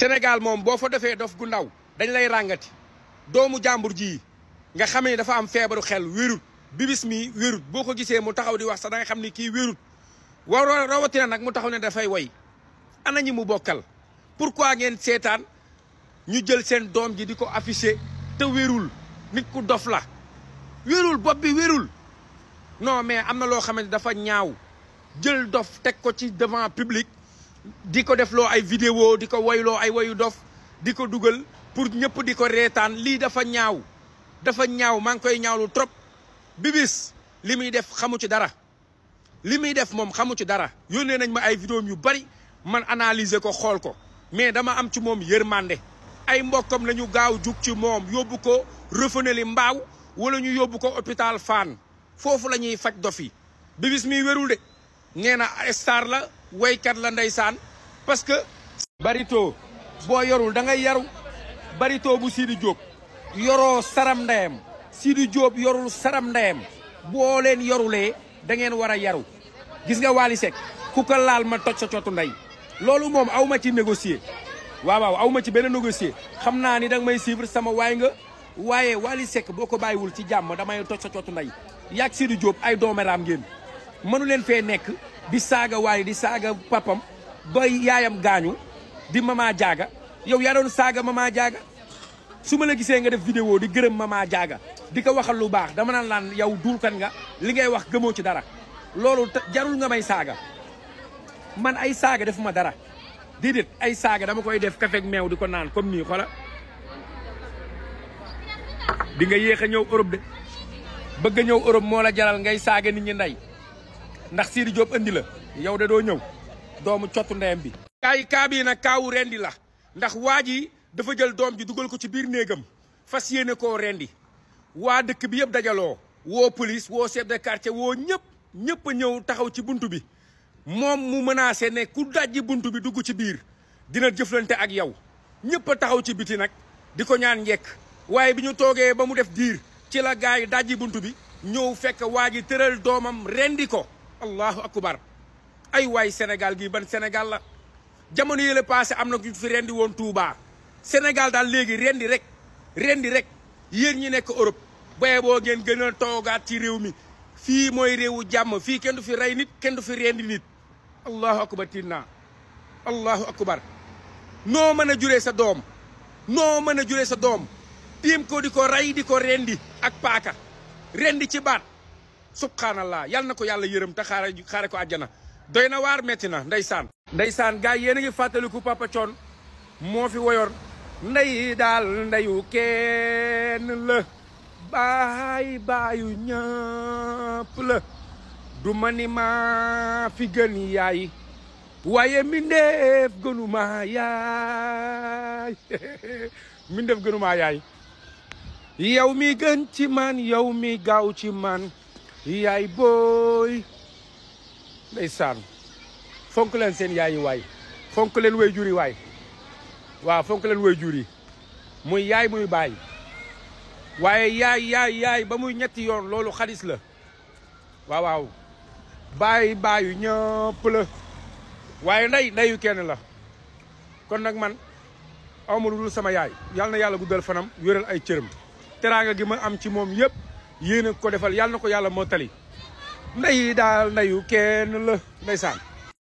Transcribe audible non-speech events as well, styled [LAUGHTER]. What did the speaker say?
Sénégal moom bo fa de dof gu dañ lay ràngati doomu jàmbur ji nga xam faire dafa am feebaru xel Wirul. bibis mi wérut boo taxaw di wax da nga ki waro rawati nak mu taxaw ne ana mu pourquoi ngeen sétane ñu jël sen dom ji diko afficher te Wirul, nit ku dof la non mais amna lo dafa ñaaw jël dof ko ci devant public di ko defloo ay vidéo di ko woyloo ay woyu dof di ko dugal pour ñëpp di ko reetaan lii dafa ñaaw dafa ñaaw maa ngi koy ñaawlu trop bibis li muy def xamu ci dara li muy def moom xamu ci dara yónnee nañ ma ay vidéo yu bari man analyser ko xool ko mais dama am ci moom yërmande ay mbokkam la ñu gaaw jug ci moom yóbbu ko Refeneuli mbaaw wala ñu yóbbu ko hôpital Fann foofu la ñuy faj dof yi bibis mi wérul de nee na star la waykat la ndeysaan parce que barito boo yorul da ngay yaru barito bu Sidi Diop yoroo saram ndeyam Sidi Diop yorul saram ndeyam boo leen yorulee da ngeen war a yaru gis nga Wally Seck ku ko laal ma toj sa cootu ndey loolu moom aw ma ci négocier waaw waaw aw ma ci benn négocier xam naa ni danga may suivre sama waay nga waaye Wally sekk boo ko bàyyiwul ci jàmm damay toj sa cootu ndey yaag Sidi Diop ay doome doomeraam ngeen mënu leen fee nekk di saga wali di saga papam ba yayam gañu di mama jaga, yow ya saga mama jaga, suma la gisee nga def vidéo di gërëm mama jaga, di ko waxal lu baax dama nan lan yow kan nga li ngay wax gëmo ci dara loolu jarul nga may saga, man ay saaga defuma dara didit ay saga dama koy def kafeeg meew di ko nan comme ni xola di nga yéex ñew Europe de bëgg ñew Europe mo la jaral ngay saga nit ñi nday ndax Sidi Diop indi la yow de doo ñëw doomu cottu ndeyam bi. kaay kaa bii nag kaawu rendi la ndax waa ji dafa jël doom ji duggal ko ci biir néegam fas yéene ko rendi waa dëkk bi yëpp dajaloo woo polis woo chef de woo ñëpp ñëpp ñëw taxaw ci buntu bi moom mu menacé ne ku dajji buntu bi dugg ci biir dina jëflante ak yow ñëpp taxaw ci biti nag di ko ñaan njekk waaye bi ñu toogee ba mu def diir ci la gars yi dajji buntu bi ñëw fekk waa ji tëral doomam rendi ko. allahu akbar ay waay senegal gi ban senegal la jamono yële passé am na ñu fi rendi woon Touba Sénégal daal léegi rendi rek rendi rek yéen ñi nekk Europe boye boo ngeen gën a toogaat ci réew mi fii mooy réewu jàmm fii kenn du fi rey nit kenn du fi rendi nit allahu akbar tiit allahu akbar noo mën a jure sa doom noo mën a juree sa doom tiim ko di ko rey di ko rendi ak paaka rendi ci baat subhanallah yal na ko yàlla yërëm te xaare xaare ko ajana doy na waar metti na ndeysaan ndeysaan gars yéen a ngi fàttaliku Papa Thione moo fi woyoon ndey daal ndeyu kenn la baay baayu ñëpp la du ma ni maa fi gën yaay waaye mindeef gënumaa yaay [LAUGHS] mindeef gënumaa yaay yow mi gën ci man yow mi gaaw ci man yaay booy ndeysaan fonk leen seen yaay yi waay fonk leen way jur yi waay waaw fonk leen way jur yi muy yaay muy baay waaye yaay yaay yaay ba muy ñetti yoon loolu xadis la waaw waaw baay baayu ñëpp la waaye ndey ndeyu kenn la kon nag man amul dul sama yaay yal na yàlla guddal fanam wéral ay cërëm teraanga gi ma am ci moom yëpp yéen a ko defal yàlla na ko yàlla moo tali ndeyi daal ndeyu kenn la ndeysaan